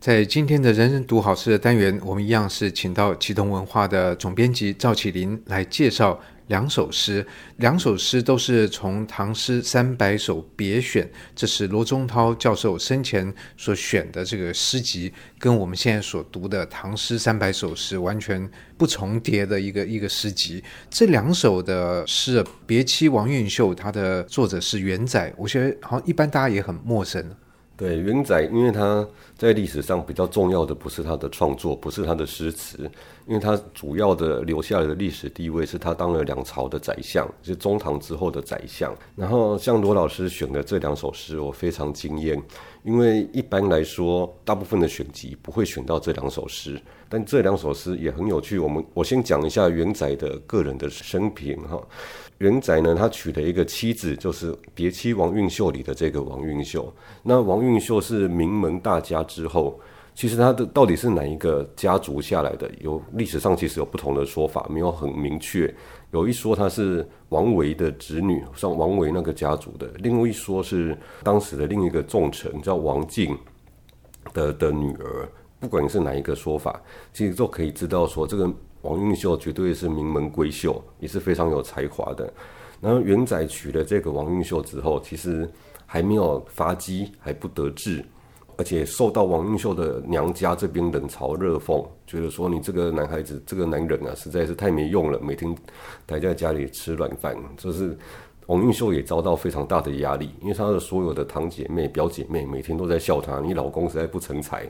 在今天的人人讀好詩的單元，我們一樣是請到啟動文化的總編輯趙啟麟來介紹兩首詩。兩首詩都是從《唐詩三百首》別選，這是羅宗濤教授生前所選的這個詩集，跟我們現在所讀的《唐詩三百首》是完全不重疊的一個一個詩集。這兩首的詩，《別妻》王韞秀，它的作者是元載，我覺得好像一般大家也很陌生。對，元載，因為他在歷史上比較重要的不是他的創作，不是他的詩詞，因為他主要的留下來的歷史地位是他當了兩朝的宰相，是中唐之後的宰相。然後像羅老師選的這兩首詩，我非常驚豔。因為一般來說，大部分的選集不會選到這兩首詩，但這兩首詩也很有趣。我們我先講一下元載的個人的生平哈。元載呢，他娶了一個妻子，就是《別妻王韞秀》裡的這個王韞秀。那王韞秀是名門大家之後。其實他的到底是哪一個家族下來的？有歷史上其實有不同的說法，沒有很明確。有一說他是王維的侄女，像王維那個家族的，另外一說是當時的另一個重臣叫王縉的的女兒。不管你是哪一個說法，其實都可以知道說，這個王韞秀絕對是名門閨秀，也是非常有才華的。然後元載娶了這個王韞秀之後，其實還沒有發跡，還不得志。而且受到王韞秀的娘家這邊冷嘲熱諷，覺得說你這個男孩子，這個男人啊，實在是太沒用了，每天待在家裡吃軟飯。這、就是王韞秀也遭到非常大的壓力，因為她的所有的堂姐妹、表姐妹，每天都在笑她，你老公實在不成才。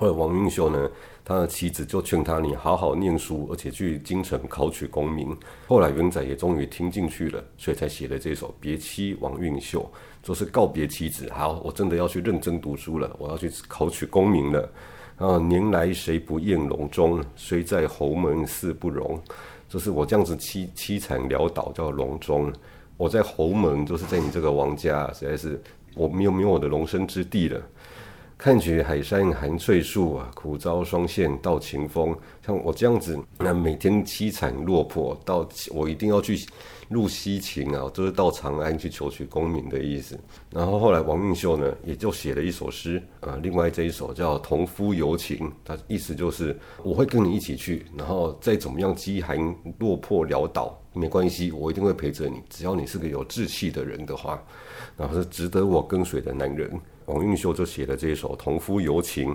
後來王韞秀呢，他的妻子就勸他：“你好好念書，而且去京城考取功名。”後來元載也終於聽進去了，所以才寫了這首《別妻王韞秀》，就是告別妻子：“好，我真的要去認真讀書了，我要去考取功名了。”啊，年來誰不厭龍鍾，雖在侯門似不容，就是我這樣子淒淒慘潦倒叫龍鍾，我在侯門，就是在你這個王家，實在是我沒有沒有我的容身之地了。看取海山寒翠樹啊，苦遭霜霰到秦封。像我這樣子，那每天淒慘落魄，到我一定要去入西秦啊，就是到長安去求取功名的意思。然後後來王韞秀呢，也就寫了一首詩啊，另外這一首叫《同夫遊秦》，他意思就是我會跟你一起去，然後再怎麼樣飢寒落魄潦倒，倒沒關係，我一定會陪着你，只要你是個有志氣的人的話，然後是值得我跟隨的男人。王韞秀就寫了這首《同夫遊秦》，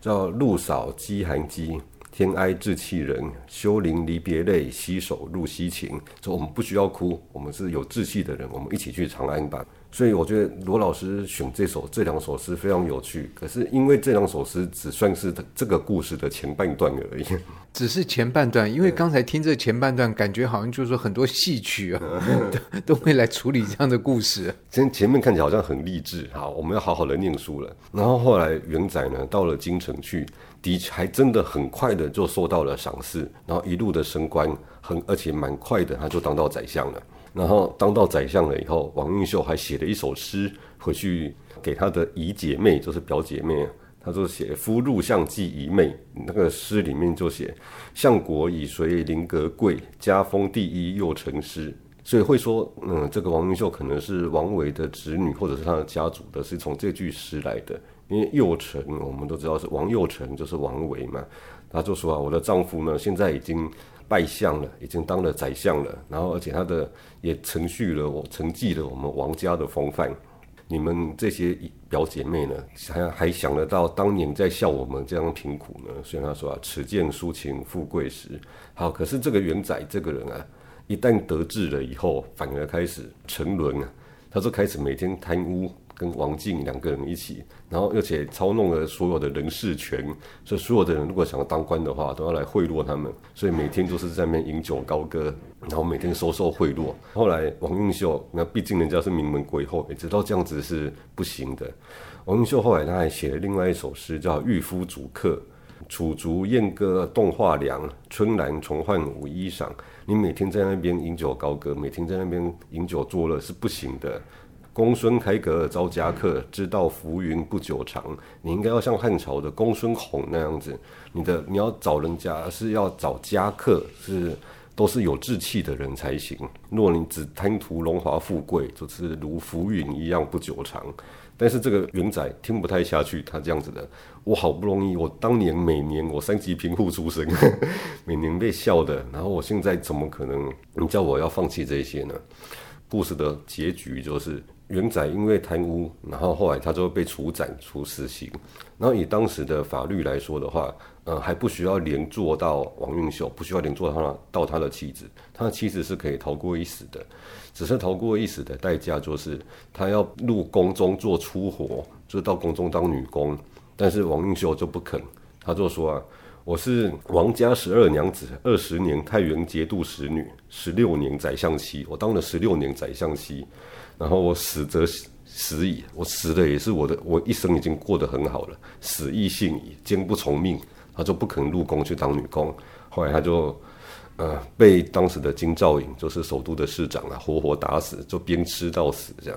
叫“路掃飢寒跡》。天哀志氣人，休零離別淚，攜手入西秦。說我們不需要哭，我們是有志氣的人，我們一起去長安吧。所以我覺得羅老師選這首這兩首詩非常有趣。可是因為這兩首詩只算是這個故事的前半段而已，只是前半段。因為剛才聽這前半段，感覺好像就是說很多戲曲啊、哦， 都會來處理這樣的故事。今天前面看起來好像很勵志，好，我們要好好的念書了。然後後來元載呢，到了京城去。的確，還真的很快的就受到了賞識，然後一路的升官，很而且蠻快的，他就當到宰相了。然後當到宰相了以後，王韞秀還寫了一首詩回去給他的姨姐妹，就是表姐妹，他就寫《夫入相寄姨妹》，那個詩裡面就寫：“相國已隨麟閣貴，家風第一右丞詩。”所以會說，嗯，這個王韞秀可能是王維的侄女，或者是他的家族的，是從這句詩來的。因為右丞，我們都知道是王右丞，就是王維嘛。他就說啊，我的丈夫呢，現在已經拜相了，已經當了宰相了。然後，而且他的也承續了，我承繼了我們王家的風範。你們這些表姐妹呢，還還想得到當年在笑我們這樣貧苦呢？所以他說啊，恥見蘇秦富貴時。好，可是這個元載這個人啊，一旦得志了以後，反而開始沉淪啊。他就開始每天貪汙。跟王靜兩個人一起，然後而且操弄了所有的人事權，所以所有的人如果想要當官的話，都要來賄賂他們。所以每天就是在那邊飲酒高歌，然後每天收受賄賂。後來王韞秀，那畢竟人家是名門閨秀，也知道這樣子是不行的。王韞秀後來他還寫了另外一首詩，叫《喻夫阻客》，楚竹燕歌動畫梁，春蘭重換舞衣裳。你每天在那邊飲酒高歌，每天在那邊飲酒作樂是不行的。公孫開閣招嘉客，知道浮雲不久長。你應該要像漢朝的公孫弘那樣子，你的你要找人家是要找嘉客，是都是有志氣的人才行。若你只貪圖榮華富貴，就是如浮雲一樣不久長。但是這個元仔聽不太下去，他這樣子的，我好不容易，我當年每年我三級貧戶出身，每年被笑的，然後我現在怎麼可能？你叫我要放棄這些呢？故事的結局就是。元載因為貪污，然後後來他就會被處斬、處死刑。然後以當時的法律來說的話，呃，還不需要連坐到王蘊秀，不需要連坐他到他的妻子。他的妻子是可以逃過一死的，只是逃過一死的代價就是他要入宮中做粗活，就是到宮中當女工。但是王蘊秀就不肯，他就說啊：“我是王家十二娘子，二十年太原節度使女，十六年宰相妻，我當了十六年宰相妻。”然後我死則死矣，我死的也是我的，我一生已經過得很好了，死亦幸矣。堅不從命，他就不肯入宮去當女工。後、嗯、來他就，呃，被當時的京兆尹，就是首都的市長啊，活活打死，就鞭笞到死這樣。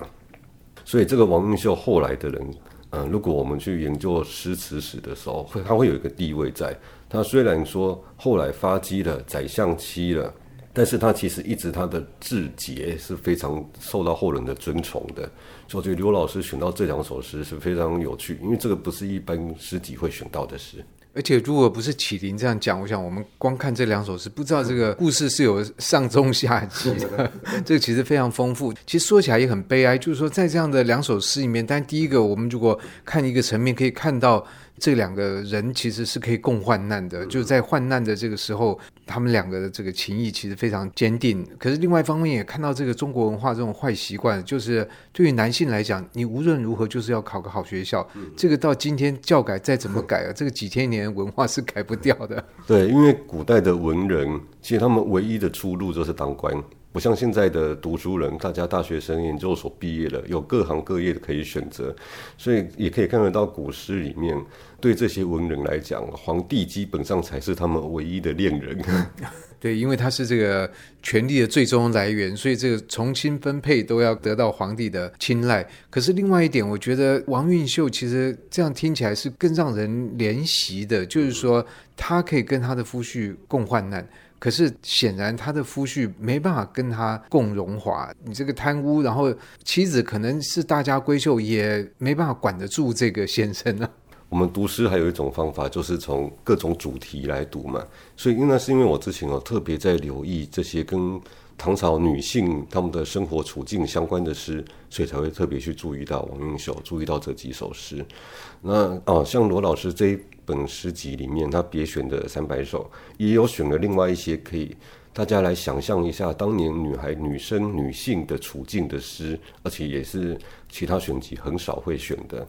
所以這個王韞秀後來的人，嗯、呃，如果我們去研究詩詞史的時候，會他會有一個地位在。他雖然說後來發跡了，宰相妻了。但是他其實一直，他的志節是非常受到後人的尊崇的，所以我覺得劉老師選到這兩首詩是非常有趣，因為這個不是一般詩集會選到的詩。而且如果不是啟麟這樣講，我想我們光看這兩首詩，不知道這個故事是有上中下集的， 這個其實非常豐富。其實說起來也很悲哀，就是說在這樣的兩首詩裡面，但第一個我們如果看一個層面，可以看到。這兩個人其實是可以共患難的，嗯，就在患難的這個時候，他們兩個的這個情誼其實非常堅定。可是另外一方面也看到這個中國文化這種壞習慣，就是對於男性來講，你無論如何就是要考個好學校。嗯、這個到今天教改再怎麼改啊，啊？這個幾千年文化是改不掉的。對，因為古代的文人其實他們唯一的出路就是當官。不像現在的讀書人，大家大學生研究所畢業了，有各行各業的可以選擇，所以也可以看得到古詩裡面對這些文人來講，皇帝基本上才是他們唯一的戀人。 對，因為他是這個權力的最終來源，所以這個重新分配都要得到皇帝的青睞。可是另外一點，我覺得王韞秀其實這樣聽起來是更讓人憐惜的，就是說他可以跟他的夫婿共患難。可是顯然他的夫婿沒辦法跟他共榮華，你這個貪污，然後妻子可能是大家閨秀，也沒辦法管得住這個先生啊。我們讀詩還有一種方法，就是從各種主題來讀嘛。所以，那是因為我之前哦、喔、特別在留意這些跟唐朝女性她們的生活處境相關的詩，所以才會特別去注意到王韞秀，注意到這幾首詩。那啊、喔，像羅老師這一。本詩集裡面，他別選的三百首，也有選了另外一些可以大家來想象一下當年女孩、女生、女性的處境的詩，而且也是其他選集很少會選的。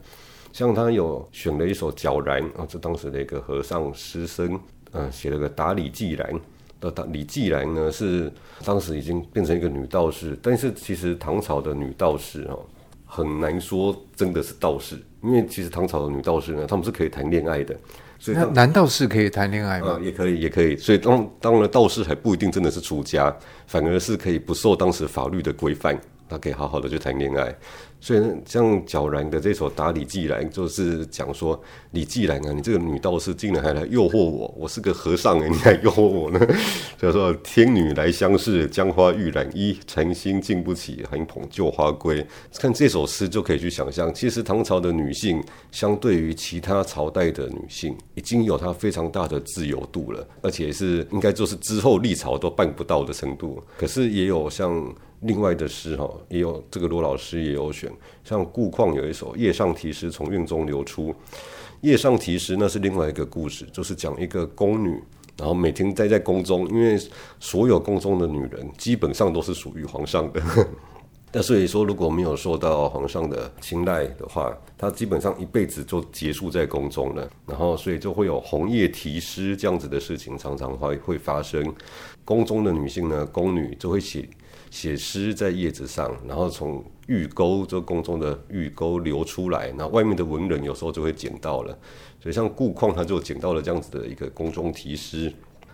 像他有選了一首皎然啊，這、哦、當時的一個和尚詩、詩僧，嗯，寫了個《答李季蘭》。那答李季蘭呢，是當時已經變成一個女道士，但是其實唐朝的女道士哦，很難說真的是道士。因為其實唐朝的女道士呢，她們是可以談戀愛的，所以那男道士可以談戀愛嗎？嗯，也可以，也可以。所以當當了道士還不一定真的是出家，反而是可以不受當時法律的規範，那可以好好的去談戀愛。所以像皎然的這首《答李季蘭》，就是講說李季蘭啊，你這個女道士竟然還來誘惑我，我是個和尚人，你還誘惑我呢。就 說天女來相試，江花欲染衣，禪心禁不起，還捧舊花歸。看這首詩就可以去想象，其實唐朝的女性相對於其他朝代的女性，已經有她非常大的自由度了，而且是應該就是之後歷朝都辦不到的程度。可是也有像另外的詩哈、哦，也有這個羅老師也有選。像顧況有一首《葉上題詩從苑中流出》，《葉上題詩》那是另外一個故事，就是講一個宮女，然後每天待在宮中，因為所有宮中的女人基本上都是屬於皇上的，呵呵但所以說如果沒有受到皇上的青睞的話，她基本上一輩子就結束在宮中了，然後所以就會有紅葉題詩這樣子的事情常常會會發生，宮中的女性呢，宮女就會寫。寫詩在葉子上，然後從御溝這宮中的御溝流出來，那外面的文人有時候就會撿到了。所以像顧況他就撿到了這樣子的一個宮中題詩，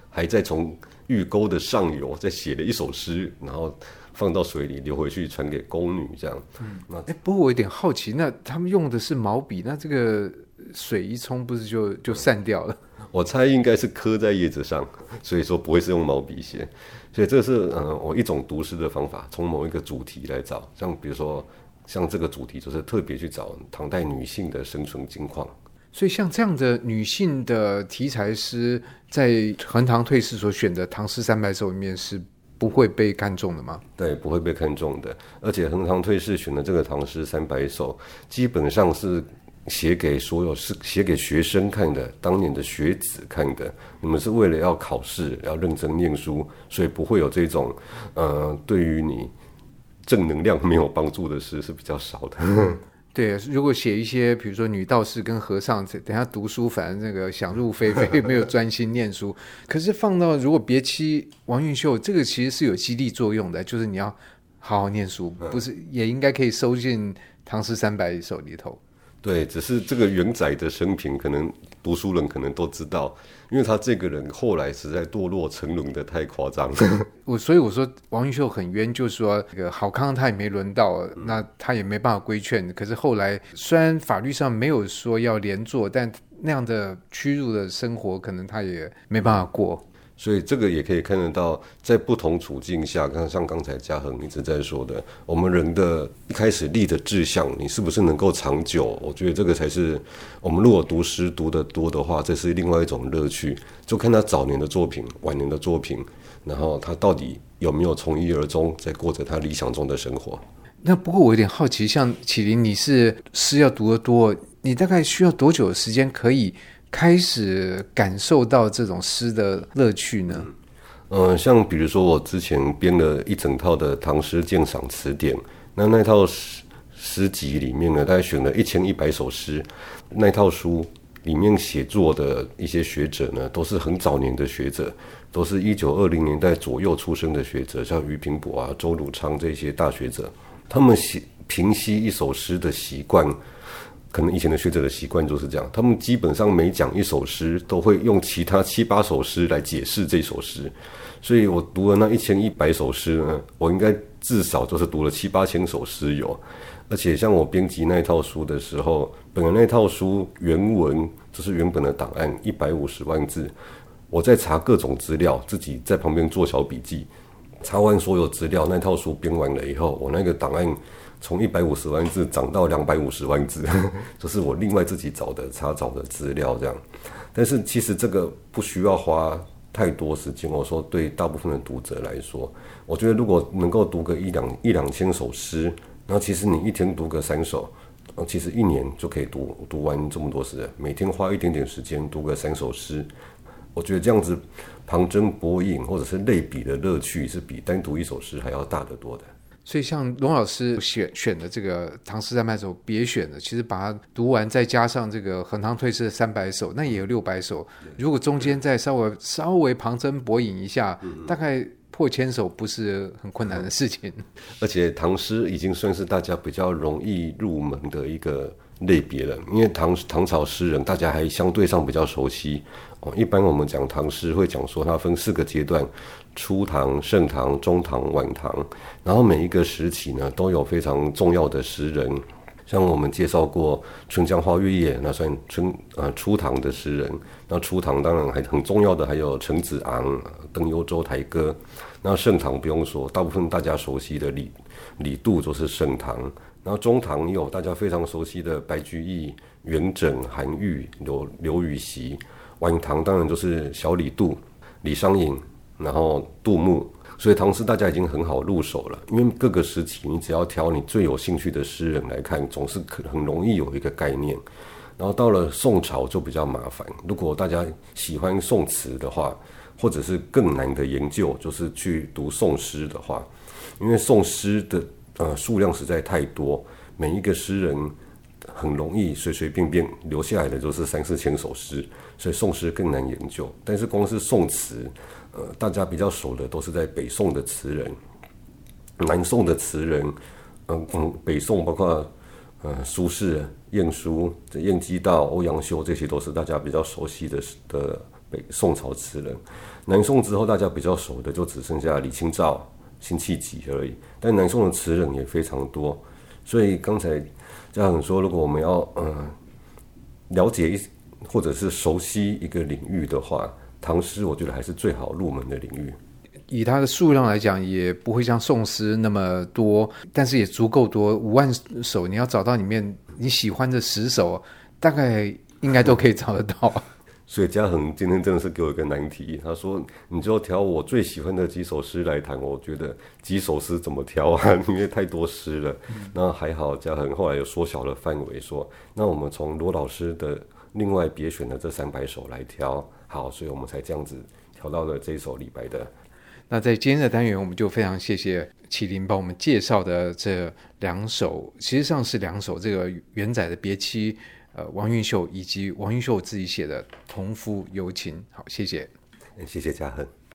還在從御溝的上游再寫了一首詩，然後放到水裡流回去傳給宮女這樣。嗯，那、欸、不過我有點好奇，那他們用的是毛筆，那這個水一衝不是就就散掉了？嗯我猜應該是刻在葉子上，所以說不會是用毛筆寫，所以這是嗯我一種讀詩的方法，從某一個主題來找，像比如說像這個主題就是特別去找唐代女性的生存情況，所以像這樣的女性的題材詩，在蘅塘退士所選的《唐詩三百首》裡面是不會被看中的嗎？對，不會被看中的，而且蘅塘退士選的這個《唐詩三百首》基本上是。寫給所有，是寫給學生看的，當年的學子看的，你們是為了要考試，要認真念書，所以不會有這種，呃，對於你正能量沒有幫助的事是比較少的。嗯、對，如果寫一些，比如說女道士跟和尚等下讀書，反正那個想入非非，沒有專心念書。 可是放到如果別妻王韞秀，這個其實是有激勵作用的，就是你要好好念書，不是、嗯、也應該可以收進《唐詩三百首》裡頭。對，只是這個元載的生平，可能讀書人可能都知道，因為他這個人後來實在墮落沉淪的太誇張了。 我所以我說王韞秀很冤就說，就是說這個好康他也沒輪到，那他也沒辦法規勸。可是後來雖然法律上沒有說要連坐，但那樣的屈辱的生活，可能他也沒辦法過。所以這個也可以看得到，在不同處境下，像像剛才嘉恆一直在說的，我們人的一開始立的志向，你是不是能夠長久？我覺得這個才是我們如果讀詩讀得多的話，這是另外一種樂趣。就看他早年的作品、晚年的作品，然後他到底有沒有從一而終，在過着他理想中的生活。那不過我有點好奇，像啟麟，你是詩要讀得多，你大概需要多久的時間可以？開始感受到這種詩的樂趣呢？嗯、呃，像比如說我之前編了一整套的唐詩鑑賞辭典，那那套詩集裡面呢，大概選了一千一百首詩。那套書裡面寫作的一些學者呢，都是很早年的學者，都是一九二零年代左右出生的學者，像俞平伯啊、周汝昌這些大學者，他們寫評析，一首詩的習慣。可能以前的學者的習慣就是這樣，他們基本上每講一首詩，都會用其他七八首詩來解釋這首詩。所以我讀了那一千一百首詩呢，我應該至少就是讀了七八千首詩有。而且像我編輯那套書的時候，本來那套書原文就是原本的檔案，一百五十萬字，我在查各種資料，自己在旁邊做小筆記。查完所有資料，那套書編完了以後，我那個檔案從一百五十萬字漲到兩百五十萬字，這 是我另外自己找的查找的資料這樣。但是其實這個不需要花太多時間。我說，對大部分的讀者來說，我覺得如果能夠讀個一兩一兩千首詩，然後其實你一天讀個三首，然後其實一年就可以讀讀完這麼多詩。每天花一點點時間讀個三首詩，我覺得這樣子旁徵博引或者是類比的樂趣是比單獨一首詩還要大得多的。所以，像羅老師選選的這個《唐詩三百首》別選的，其實把它讀完，再加上這個《蘅塘退士三百首》，那也有六百首。如果中間再稍微稍微旁徵博引一下，大概。破千首不是很困難的事情，而且唐詩已經算是大家比較容易入門的一個類別了。因為唐唐朝詩人大家還相對上比較熟悉。哦，一般我們講唐詩會講說它分四個階段：初唐、盛唐、中唐、晚唐。然後每一個時期呢都有非常重要的詩人。像我們介紹過《春江花月夜》，那算春呃初唐的詩人。那初唐當然還很重要的，還有陳子昂《登幽州台歌》。那盛唐不用說，大部分大家熟悉的李李杜就是盛唐。那中唐有大家非常熟悉的白居易、元稹、韓愈、劉劉禹錫。晚唐當然就是小李杜李商隱，然後杜牧。所以唐詩大家已經很好入手了，因為各個時期你只要挑你最有興趣的詩人來看，總是可很容易有一個概念。然後到了宋朝就比較麻煩。如果大家喜歡宋詞的話，或者是更難的研究，就是去讀宋詩的話，因為宋詩的呃數量實在太多，每一個詩人很容易隨隨便便留下來的就是三四千首詩，所以宋詩更難研究。但是光是宋詞。呃，大家比較熟的都是在北宋的詞人、南宋的詞人，嗯、呃、嗯，北宋包括呃蘇軾、晏殊、晏幾道、歐陽修，這些都是大家比較熟悉的的北宋朝詞人。南宋之後，大家比較熟的就只剩下李清照、辛棄疾而已。但南宋的詞人也非常多，所以剛才嘉恆說，如果我們要嗯、呃、了解一或者是熟悉一個領域的話。唐詩我覺得還是最好入門的領域，以它的數量來講，也不會像宋詩那麼多，但是也足夠多，五萬首，你要找到裡面你喜歡的十首，大概應該都可以找得到。 所以嘉恆今天真的是給我一個難題，他說：“你就挑我最喜歡的幾首詩來談。”我覺得幾首詩怎麼挑啊？ 因為太多詩了。嗯。那還好，嘉恆後來又縮小了範圍，說：“那我們從羅老師的另外別選的這三百首來挑。”好，所以我們才這樣子調到了這一首李白的。那在今天的單元，我們就非常謝謝啟麟幫我們介紹的這兩首，實際上是兩首這個元載的《別妻》，呃，王韞秀以及王韞秀自己寫的《同夫遊秦》。好，謝謝，欸、謝謝嘉恆。